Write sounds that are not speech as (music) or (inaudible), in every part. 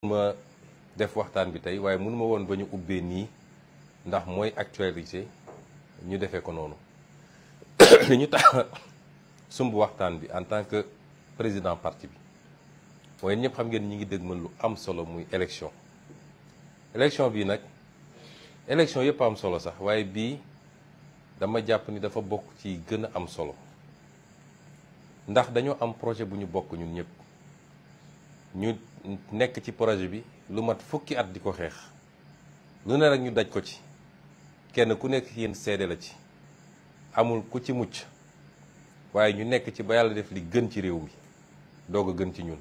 ma def waxtaan bi tey waaye mënuma woon ba ñu ubbee nii ndax mooy actualité ñu defee ko noonu li (coughs) ñu tax (coughs) sumb waxtaan bi en tant que président parti bi mooy ñëpp xam ngeen ñi ngi dégg mën lu am solo muy élection élection bii nag élection yëpp am solo sax waaye bii dama jàpp ni dafa bokk ci gën a am solo ndax dañoo am projet bu ñu bokk ñun ñëpp nekk ci projet bi lu mat fukki at di ko xeex lu ne rek ñu daj ko ci kenn ku nekk yéen seede la ci amul ku ci mucc waaye ñu nekk ci ba yàlla def li gën ci réew mi doog a gën ci ñun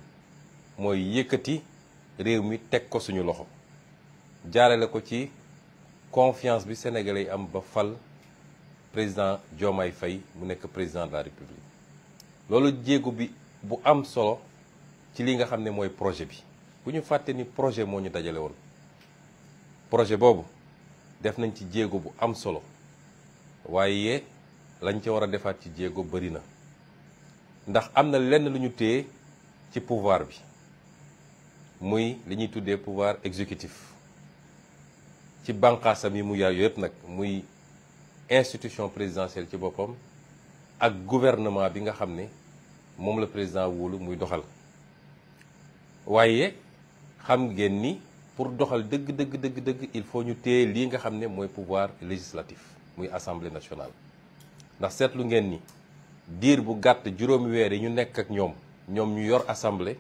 mooy yëkkati réew mi teg ko suñu loxo jaarale ko ci confiance bi Sénégalais yi am ba fal président Diomaye Faye mu nekk président de la République loolu jéego bi bu am solo ci li nga xam ne mooy projet bi bu ñu fàtte ni projet moo ñu dajale woon projet boobu def nañ ci jéego bu am solo waaye lañ ci war a defaat ci jéego bëri na ndax am na lenn lu ñu téye ci pouvoir bi muy li ñuy tuddee pouvoir exécutif ci bànqaasam yi mu yaayu yëpp nag muy institution présidentielle ci boppam ak gouvernement bi nga xam ne moom la président wóolu muy doxal waaye xam ngeen ni pour doxal dëgg dëgg dëgg dëgg il faut ñu téye lii nga xam ne mooy pouvoir législatif muy assemblée nationale ndax seetlu ngeen ni diir bu gàtt juróomi weer yi ñu nekk ak ñoom ñoom ñu yor assemblée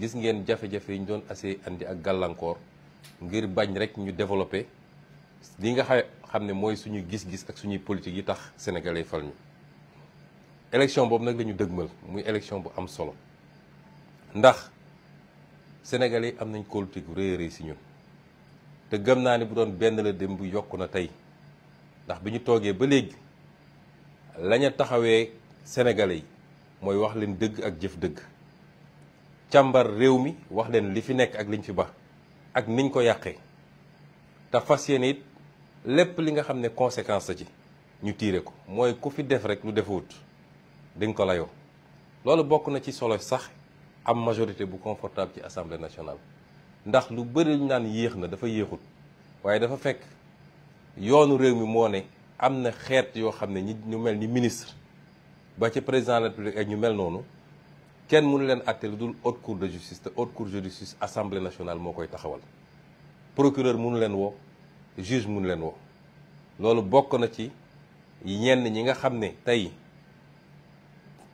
gis ngeen jafe-jafe yi ñu doon assez indi ak gàllankoor ngir bañ rek ñu développé li nga xam ne mooy suñu gis-gis ak suñuy politique yi tax sénégalais fal ñu élection boobu nag lañu ñu dëgmal muy élection bu am solo ndax Sénégalais yi am nañ kóolute gu rëy a si ñun te gëm naa ne bu doon benn la dem bu yokku na tey ndax bi ñu toogee ba léegi laña taxawee Sénégalais yi mooy wax leen dëgg ak jëf dëgg càmbar réew mi wax leen li fi nekk ak liñ fi ba ak niñ ko yàqee te fas yéene it lépp li nga xam ne conséquence la ci ñu tiire ko mooy ku fi def rek lu defuwut di nga ko layoo loolu bokk na ci solo sax am majorité bu confortable ci assemblée nationale ndax lu bëri ñu naan yéex na dafa yéexut waaye dafa fekk yoonu réew mi moo ne am na xeet yoo xam ne ñi ñu mel ni ministre ba ci président de la ak ñu mel noonu kenn mënu leen àtte lu dul haute cour de justice te haute cour de justice assemblée nationale moo koy taxawal procureur mënu leen woo juge mënu leen woo loolu bokk na ci ñenn ñi nga xam ne tey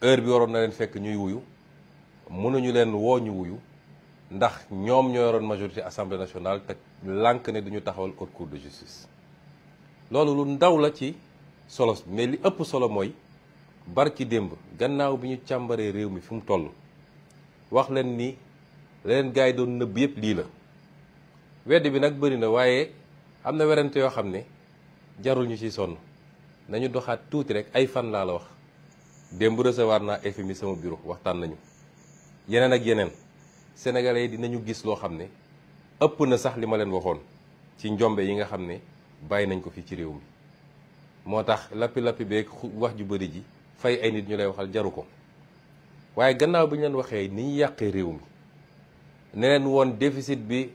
heure bi waroon na leen fekk ñuy wuyu mënuñu leen woo ñu wuyu ndax ñoom ñoo yoroon majorité assemblée nationale teg lànk ne duñu taxawal haute cour de justice loolu lu ndaw la ci solo mais li ëpp solo mooy barki démb gannaaw bi ñu càmbaree réew mi fi mu toll wax leen ni leen gars yi doon nëbb yëpp lii la weddi bi nag bëri na waaye am na werante yoo xam ne jarul ñu ci sonn nañu doxaat tuuti rek ay fan laa la wax démb recevoir naa FMI sama bureau waxtaan nañu yeneen ak yeneen sénégalais yi dinañu gis loo xam ne ëpp na sax li ma leen waxoon ci njombe yi nga xam ne bàyyi nañ ko fii ci réew mi moo tax lappi-lappi beeg wax ju bëri ji fay ay nit ñu lay waxal jaru ko waaye gannaaw bi ñu leen waxee ni ñu yàqee réew mi ne leen woon déficit bi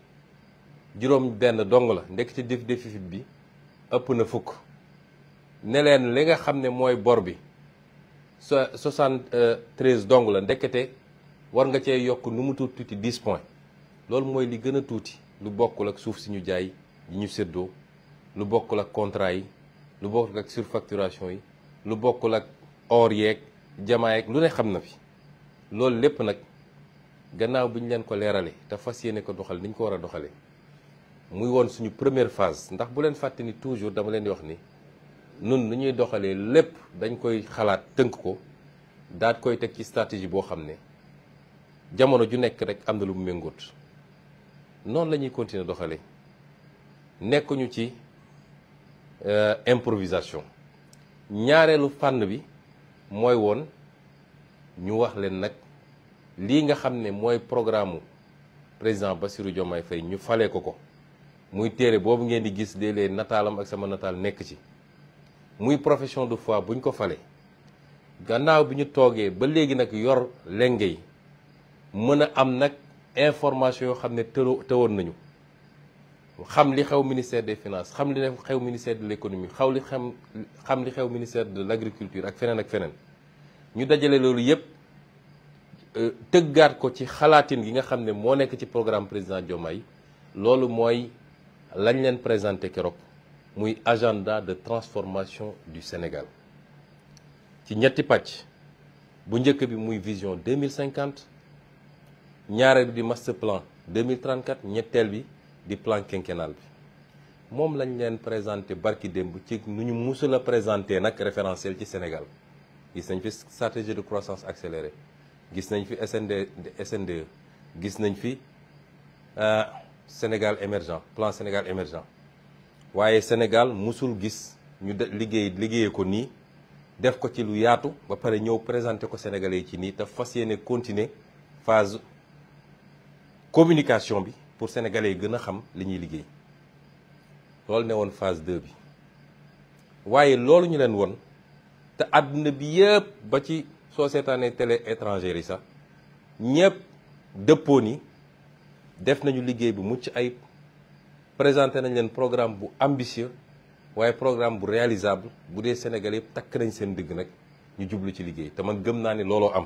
juróom benn dong la ndekk ci déficit bi ëpp na fukk ne leen li nga xam ne mooy bor bi soixante treize dong la ndekete war nga cee yokk nu mu tuuti tuuti 10 loolu mooy li gën a tuuti lu bokkul ak suuf si ñu jaay yi ñu séddoo lu bokkul ak contrat yi lu bokkul ak surfacturation yi lu bokkul ak or yeeg jamaa yeeg lu ne xam na fi loolu lépp nag gannaaw bi ñu leen ko leeralee te fas yéene ko doxal ni ñu ko war a doxalee muy woon suñu première phase ndax bu leen fàtte ni toujours dama leen di wax ni nun nu ñuy doxalee lépp dañ koy xalaat tënk ko daat koy teg ci stratégie boo xam ne jamono ju nekk rek am na lu mu méngoot noonu la ñuy continuer doxale nekkuñu ci euh, improvisation ñaareelu fànn bi mooy woon ñu wax leen nag lii nga xam ne mooy programme président ba Bassirou Diomaye fay ñu falee ko ko muy téere boobu ngeen di gis léeg-léeg nataalam ak sama nataal nekk ci muy profession de foi buñ ko falee gannaaw bi ñu toogee ba léegi nag yor lenge yi mën a am nag information yoo xam ne tëloo tëwoon nañu xam li xew ministère des finances xam li xew ministère de l'économie xaw li xam xam li xew ministère de l'agriculture ak feneen ak feneen ñu dajale loolu yépp euh, tëggaat ko ci xalaatin gi nga xam ne moo nekk ci programme président Diomaye loolu mooy lañ leen présenté keroog muy agenda de transformation du Sénégal ci ñetti pàcc bu njëkk bi muy vision 2050 ñaareel bi di master plan 2034 ñetteel bi di plan quinquennal bi moom lañ leen présenté barki démb ci nu ñu musul a présenté nag référentiel ci Sénégal gis nañ fi stratégie de croissance accélérée gis nañ fi SND SNDE gis nañ fi euh, Sénégal émergent plan Sénégal émergent waaye Sénégal musul gis ñu de liggéey liggéeyee ko nii def ko ci lu yaatu ba pare ñëw présenté ko Sénégalais yi ci nii te fas yéene continuer phase communication bi pour sénégalais yi gën a xam li ñuy liggéey loolu ne woon phase 2 bi waaye loolu ñu leen won te àdduna bi yëpp ba ci soo seetaanee télé étrangère yi sax ñëpp dëppoo ni def nañu liggéey bu mucc ayib présenter nañ leen programme bu ambitieux waaye programme bu réalisable bu dee Sénégal yëpp takk nañ seen digg nag ñu jublu ci liggéey te man gëm naa ni looloo am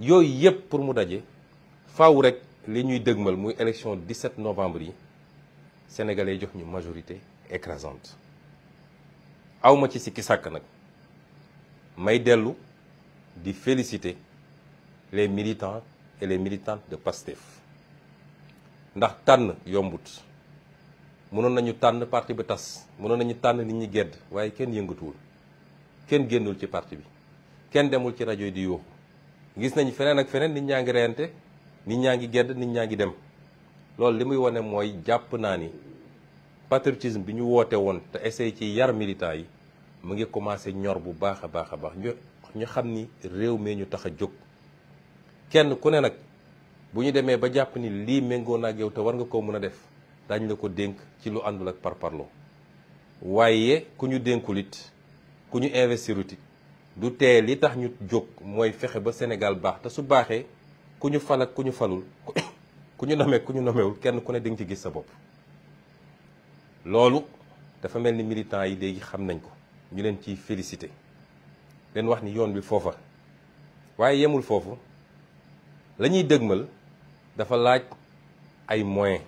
yooyu yëpp pour mu daje faaw rek li ñuy dëgmal muy élection 17 novembre yi sénégalais jox ñu majorité écrasante awma ci sikki sàkk nag may dellu di félicité les militants et les militantes de PASTEF ndax tànn yombut mënoon nañu tànn parti ba tas mënoon nañu tànn nit ñi gedd waaye kenn yëngatuwul kenn génnul ci parti bi kenn demul ci rajo yi di yuuxu gis nañ feneen ak feneen nit ñaa ngi reyante nit ñaa ngi gedd nit ñaa ngi dem loolu li muy wane mooy jàpp naa ni patriotisme bi ñu woote woon te essayé ci yar militant yi mu ngi commencé ñor bu baax a baax a baax ñu ñu xam ni réew mi ñu tax a jóg kenn ku ne nag bu ñu demee ba jàpp ni lii méngoo na ak yow te war nga koo mën a def daañu la ko dénk ci lu àndul ak par parloo waaye ku ñu dénkulit ku ñu investirutit du tee li tax ñu jóg mooy fexe ba Sénégal baax te su baaxee ku ñu fal ak ku ñu falul (coughs) ku ñu nomee ku ñu nomewul kenn ku ne di ci gis sa bopp loolu dafa mel ni militants yi léegi xam nañ ko ñu leen ciy félicité leen wax ni yoon bi foofa waaye yemul foofu la ñuy dëgmal dafa laaj ay moyens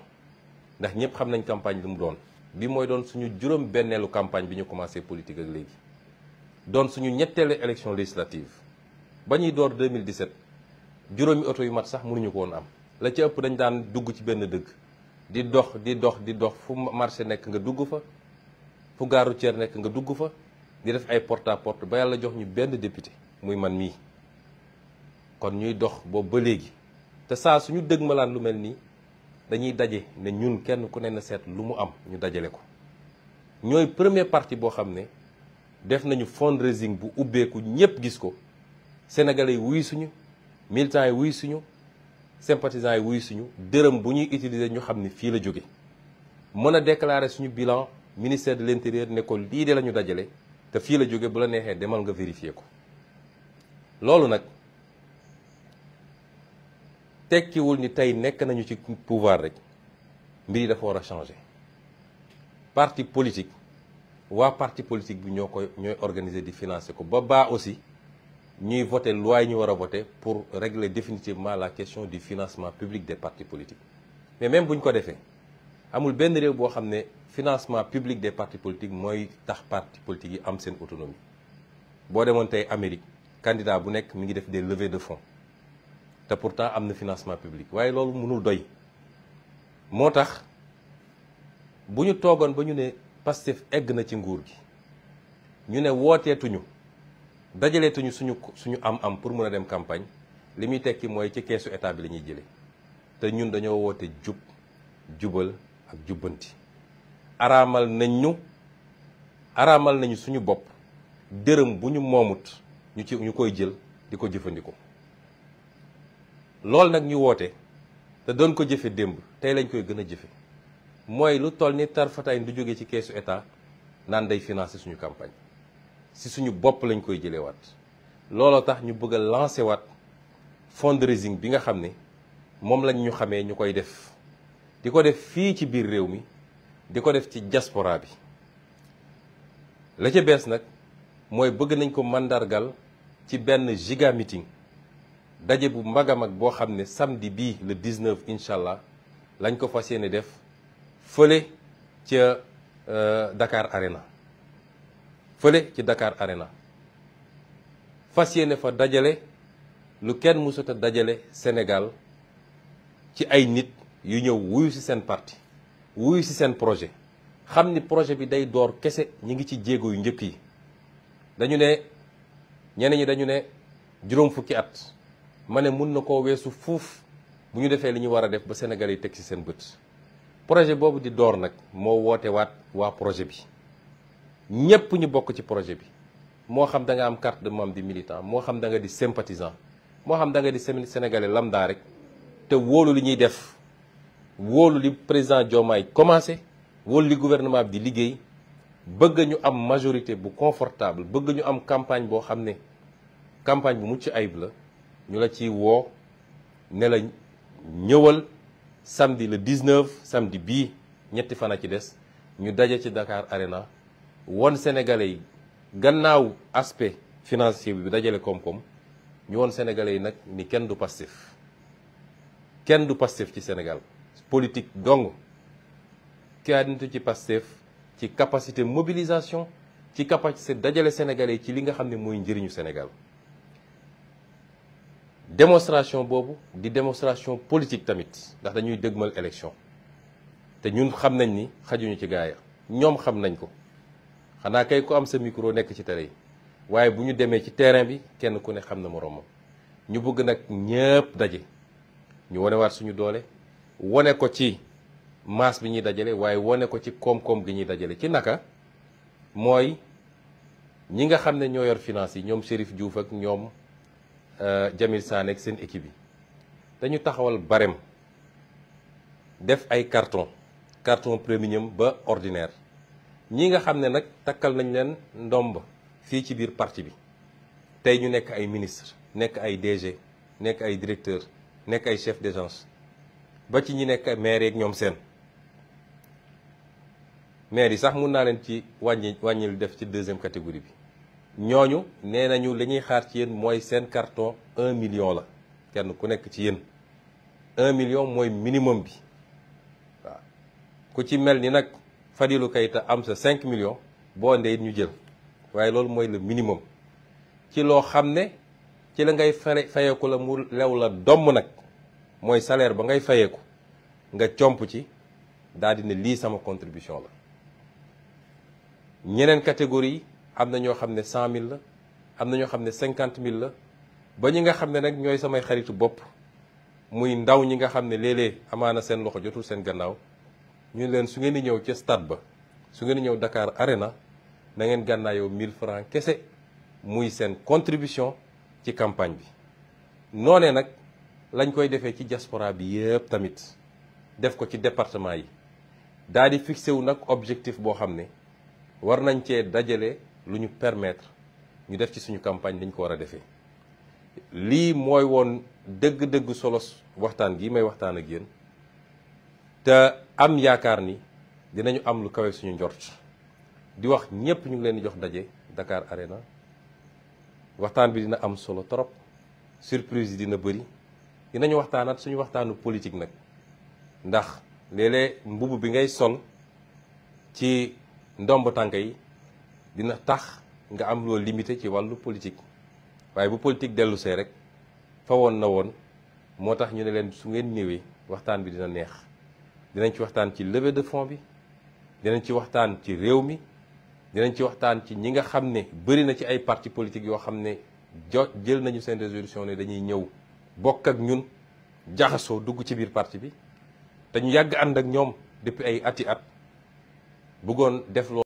ndax ñëpp xam nañ campagne lu mu doon bi mooy doon suñu juróom benneelu campagne bi ñu commencé politique ak léegi doon suñu ñetteelu élection législative ba ñuy door 2017 juróomi oto yu mat sax mënuñu ko woon am la ci ëpp dañ daan dugg ci benn dëgg di dox di dox di dox fu marché nekk nga dugg fa fu gaaru routière nekk nga dugg fa di def ay porte à porte ba yàlla jox ñu benn député muy man mii kon ñuy dox boobu ba léegi te saa suñu dëgg malaan lu mel nii dañuy daje ne ñun kenn ku ne na seet lu mu am ñu dajale ko ñooy premier partie boo xam ne def nañu fond fundraising bu ubbeeku ñëpp gis ko sénégal yi wuy suñu militants yi wuy suñu sympathisants yi wuy suñu dërëm bu ñuy utiliser ñu xam ni fii la jóge mën a déclarer suñu bilan ministère de l'intérieur ne ko lii de la ñu dajale te fii la jóge bu la neexee demal nga vérifier ko loolu nag tekkiwul ni tey nekk nañu ci pouvoir rek mbir yi dafa war a changé parti politique waa parti politique bi ñoo koy ñooy organiser di financé ko ba baa aussi ñuy vote loi yi ñu war a voter pour régler définitivement la question du financement public des partis politiques mais même bu ñu ko defee amul benn réew boo xam ne financement public des partis politiques mooy tax partis politiques yi am seen autonomie boo demoon tey Amérique candidat bu nekk mi ngi def des levées de fonds te pourtant am na financement public waaye loolu mënul doy moo tax bu Pastef egg na ci nguur gi ñu ne wooteetuñu dajaleetuñu suñu suñu am-am pour mën a dem campagne li muy tekki mooy ci keesu état bi la ñuy jëlee te ñun dañoo woote jub jubal ak jubbanti. araamal nañu ñu araamal nañu suñu bopp dërëm bu ñu moomut ñu ci ñu koy jël di ko jëfandikoo loolu nag ñu woote te doon ko jëfe démb tey lañ koy gën a jëfe mooy lu toll ni tarfataay du jóge ci keesu état naan day financer suñu campagne si suñu bopp lañ koy waat looloo tax ñu bëgg a lancer waat fundraising bi nga xam ne moom lañ ñu xamee ñu koy def di ko def fii ci biir réew mi di ko def ci diaspora bi la ca bees nag mooy bëgg nañ ko mandargal ci benn giga meeting daje bu mag a mag boo xam ne samedi bii le 19 incha allah lañ ko fas yéene def fële ca euh, Dakar Arena fële ci Dakar Arena fas yéene fa dajale lu kenn mësut dajale senegal ci ay nit yu ñëw wuyu ci seen parti wuyu ci seen projet xam ni projet bi day door kese ñi ngi ci jéego yu njëkk yi dañu ne ñeneen ñi dañu ne juróom fukki at ma ne mun na koo weesu fuuf bu ñu defee li ñu war a def ba Sénégal yi teg ci seen bët projet boobu di door nag moo woote waat waa projet bi ñépp ñu bokk ci projet bi moo xam danga am carte de membre di militant moo xam da nga di sympathisant moo xam danga nga di sénégalais lambda rek te wóolu li ñuy def wóolu li président Diomaye commencé wóolu li gouvernement bi di liggéey bëgg ñu am majorité bu confortable bëgg ñu am campagne boo xam ne campagne bu mucc ayib la ñu la ci woo ne la ñëwal samedi le 19 samedi bii ñetti fan a ci des ñu daje ci Dakar Arena won sénégalais yi gannaaw aspect financier bi dajale koom-koom ñu won sénégalais yi nag ni kenn du Pastef kenn du Pastef ci Sénégal politique dong kaanitu ci Pastef ci capacité mobilisation ci capacité dajale sénégalais yi ci li nga xam ne mooy njëriñu Sénégal démonstration boobu di démonstration politique tamit ndax dañuy dëgmal élection te ñun xam nañ ni xajuñu ci gaaya ñoom xam nañ ko xanaa kay ku am sa micro nekk ci tere yi waaye bu ñu demee ci terrain bi kenn ku ne xam na moroomam ñu bëgg nag ñëpp daje ñu wanewaat suñu doole wane ko ci masse bi ñuy dajale waaye wane ko ci koom-koom gi ñuy dajale ci naka mooy ñi nga xam ne ñoo yor finance yi ñoom Chérif Diouf ak ñoom Euh, Jamil Sané ak seen équipe yi dañu taxawal barème def ay carton carton premium ba ordinaire ñi nga xam ne nag takkal nañ leen ndomb fii ci biir parti bi tey ñu nekk ay ministre nekk ay DG nekk ay directeur nekk ay chef d'agence ba ci ñi nekk maire yeeg ñoom seen maire yi sax mun naa leen ci wàññi wàññi lu def ci deuxième catégorie bi ñooñu nee nañu li ñuy xaar ci yéen mooy seen carton un million la kenn ku nekk ci yéen un million mooy minimum bi waaw ku ci mel ni nag Fadilou Keita am sa cinq million boo ndee ñu jël waaye loolu mooy le minimum ci loo xam ne ci la ngay fare fayeeku la mu lew la domm nag mooy salaire ba ngay fayeeku nga comp ci daal di ne lii sama contribution la ñeneen catégorie am na ñoo xam ne cent mille la am na ñoo xam ne cinquante mille la ba ñi nga xam ne nag ñooy samay xaritu bopp muy ndaw ñi nga xam ne léeg-léeg amaana seen loxo jotul seen gannaaw ñu leen su ngeen di ñëw ca stade ba su ngeen ñëw Dakar Arena na ngeen gànnaayoo mille francs kese muy seen contribution ci campagne bi. noonee nag lañ koy defee ci diaspora bi yëpp tamit def ko ci département yi daal di fixé wu nag objectif boo xam ne war nañ cee dajale. lu ñu permettre ñu def ci suñu campagne lañ ko war a defee lii mooy woon dëgg-dëgg solo waxtaan gi may waxtaan ak yéen te am yaakaar ni dinañu am lu kawe suñu njort di wax ñépp ñu ngi leen di jox daje Dakar Arena waxtaan bi dina am solo trop surprise yi dina bëri dinañu waxtaanaat suñu waxtaanu politik nag ndax léeg mbubb bi ngay sol ci ndomb tànk yi dina tax nga am loo limité ci wàllu politique waaye bu politique dellu see rek fawoon na woon moo tax ñu ne leen su ngeen ñëwee waxtaan bi dina neex dinañ ci waxtaan ci leve de fonds bi dinañ ci waxtaan ci réew mi dinañ ci waxtaan ci ñi nga xam ne bëri na ci ay parti politique yoo xam ne jo jël nañu seen résolution ne dañuy ñëw bokk ak ñun jaxasoo dugg ci biir parti bi dañu yàgg ànd ak ñoom depuis ay ati at bëggoon def loo